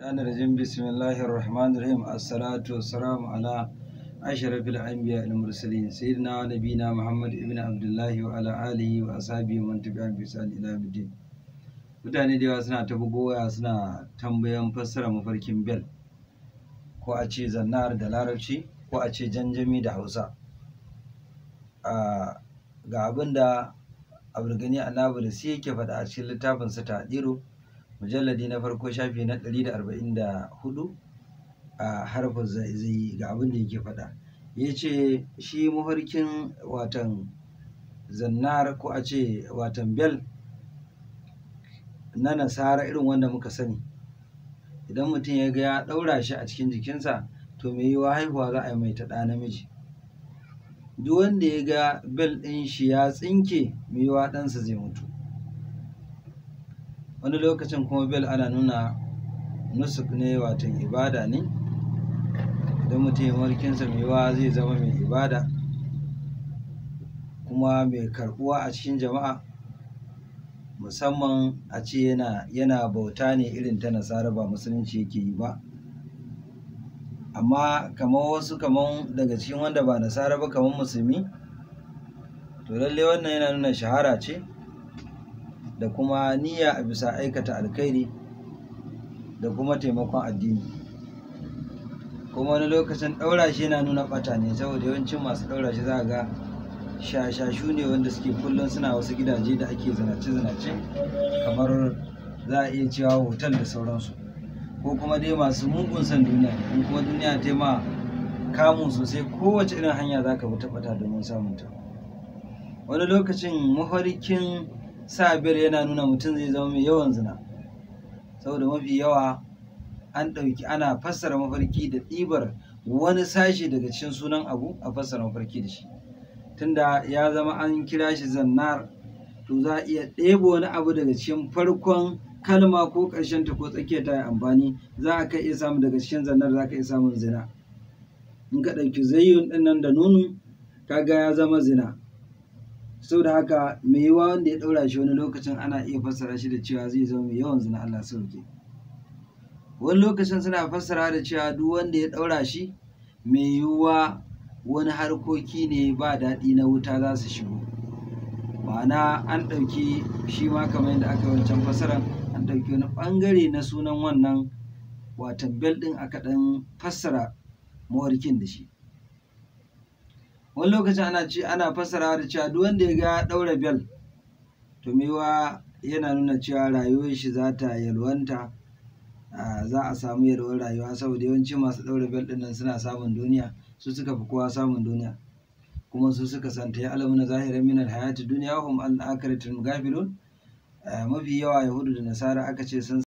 dan jin bismillahir rahmanir rahim assalatu wassalamu ala ashrafil anbiya wal mursalin sayyidina wa nabina muhammad ibn abdullahi wa ala alihi wa ashabihi man tabi'a bi ihsan ila mutane da yawa suna ta bugowa suna tambayan fassara mafarkin bel ko a ce zannar da larabci ko a ce janjami da hausa ga abin da abulgani annabi da yake faɗa a cikin littafinsa ta ɗiro mujalladi na farko shafi na ɗari da 144 a harfin zai ga abin da yake faɗa ya ce shi mafarkin watan zannar ko a ce watan bel na nasara irin wanda muka sani idan mutum ya ga ya ɗaura shi a cikin jikinsa to mai yiwa haihuwa za a yi mai taɗa namiji duk wanda ya ga bel ɗin shi ya tsinke mai wa ɗansa zai mutu wani lokacin kuma bel ana nuna nusuk ne watan ibada ne idan mutum ya mulkinsa zai zama mai ibada kuma mai karbuwa a cikin jama'a musamman a ce yana yana bauta ne irin ta nasara ba musulunci yake yi ba amma kamar wasu kamar daga cikin wanda ba nasara ba kamar musulmi to lallai wannan yana nuna shahara ce da kuma niyya a bisa aikata alkhairi da kuma taimakon addini kuma wani lokacin ɗaura shi yana nuna ɓata ne saboda yawancin masu ɗaura shi za ga shashashu ne wanda suke kullum suna wasu gidaje da ake zinace-zinace kamar za a iya cewa hotel da sauransu ko kuma dai masu mugun san duniya in kuma duniya ta ma kamun sosai kowace irin hanya za ka bi tabbata domin samunta wani lokacin mafarkin sa biyar yana nuna mutum zai zama mai yawan zina saboda mafi yawa an ɗauki ana fassara mafarki da ɗibar wani sashi daga cikin sunan abu a fassara mafarki da shi tunda ya zama an kira shi zannar to za a iya ɗebo wani abu daga cikin farkon kalma ko ƙarshen ta ko tsakiyar ta amfani za a iya samu daga cikin zannar za ka iya samun zina in ka ɗauki zayyun ɗin nan da nunu kaga ya zama zina saboda haka mai yiwa wanda ya ɗaura shi wani lokacin ana iya fassara shi da cewa zai zama mai yawan zina Allah sauke wani lokacin suna fassara da cewa duk wanda ya ɗaura shi mai yiwuwa wani harkoki ne ba daɗi na wuta za su shigo ma'ana an ɗauki shi ma kamar yadda aka wancan fassara an ɗauki wani ɓangare na sunan wannan watan bel ɗin aka ɗan fassara mawarkin da shi wani lokacin ana ce ana fassarawa da cewa duk wanda ya ga ɗaura bel to mewa yana nuna cewa rayuwar shi za ta yalwanta za a samu yalwar rayuwa saboda yawanci masu ɗaura bel ɗin nan suna samun duniya su suka fi kowa samun duniya kuma su suka santa ya alamuna zahirar minar hayati duniya hum an akiratin gafilun mafi yawa yahudu da nasara aka ce sun